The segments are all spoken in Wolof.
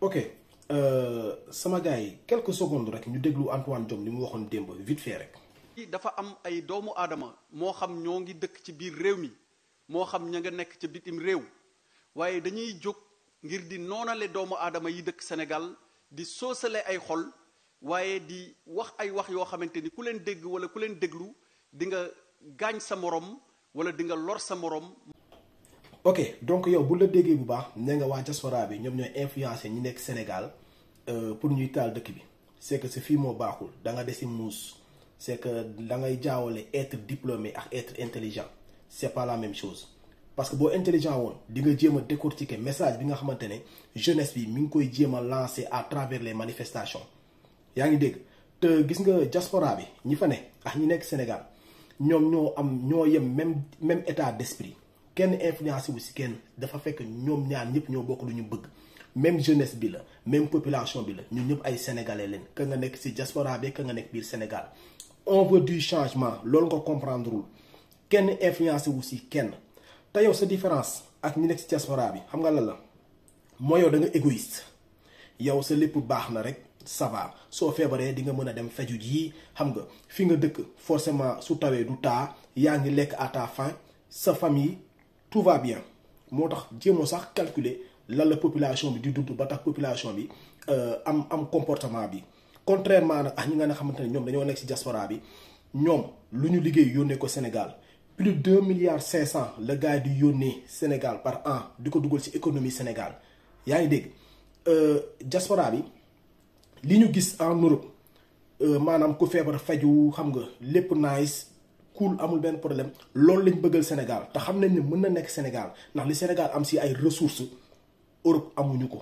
ok euh, sama gars yi quelques secondes rek ñu déglu Antoine Diome ni mu waxoon démb vite fait rek. dafa am ay doomu aadama moo xam ñoo ngi dëkk ci biir réew mi moo xam ña nga nekk ca bitim réew waaye dañuy jóg ngir di noonale doomu aadama yi dëkk senegal di soosalee ay xol waaye di wax ay wax yoo xamante ni ku leen dégg wala ku leen déglu di nga gaañ sa moroom wala di lor sa moroom. ok donc yow bu la déggee bu baax ne nga waa diaspora bi ñoom ñooy influencé ñi nekk Sénégal euh, pour ñuy taal dëkk bi c'est que si fii moo baaxul da nga desi muus c'est que da ngay jaawale être diplômé ak être intelligent c'est pas la même chose parce que boo intelligent woon di nga jéem a décortiquer message bi nga xamante ne jeunesse bi mi ngi koy jéem a lancer à travers les manifestations yaa ngi dégg te gis nga diaspora bi ñi fa ne ak ñi nekk Sénégal ñoom ñoo am ñoo yem même même état d'esprit kenn influencé aussi si kenn dafa fekk ñom ñaar ñëpp ñoo bokku lu ñu bëgg même jeunesse bi la même population bi la ñun ñëpp ay sénégalais lén ka nga nekk si diaspora bi ka nga biir Sénégal on veut du changement lool nga comprendrewul kenn influence aussi si kenn yow sa différence ak ñi nek ci diaspora bi xam nga la la da nga égoïste yow sa lépp baax na rek ça va so feebaree di nga mëna dem feju ji xam nga fi nga dëkk forcément su tawé du ta yaa ngi à ta fin, sa famille tout va bien Je vais calculer la population du Doudou population euh, comportement contrairement à ce que nous avons diaspora Sénégal plus de 2,5 milliards 500 le gars du Sénégal par an du l'économie économie Sénégal y'a ngi Euh, diaspora bi li en Europe euh, manam ku feebar faju xam nga cool amul ben problème loolu lañ bëggal Sénégal te xamnañ ni ne nek Sénégal ndax li Sénégal am ci ay ressources Europe amuñu ko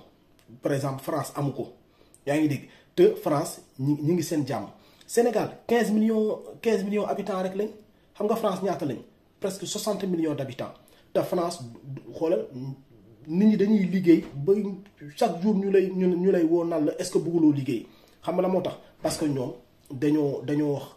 par exemple France amuko yaangi dig te France ñi ngi sen jàmm Sénégal 15 millions 15 millions habitants rek lañ xam nga France ñaata lañ presque 60 millions d'habitants habitants te France xolal nit ñi dañuy liggéey ba chaque jour ñu lay ñu lay wo nal est ce que bëgguloo liggéey xam nga la moo parce que ñoom dañoo dañoo wax.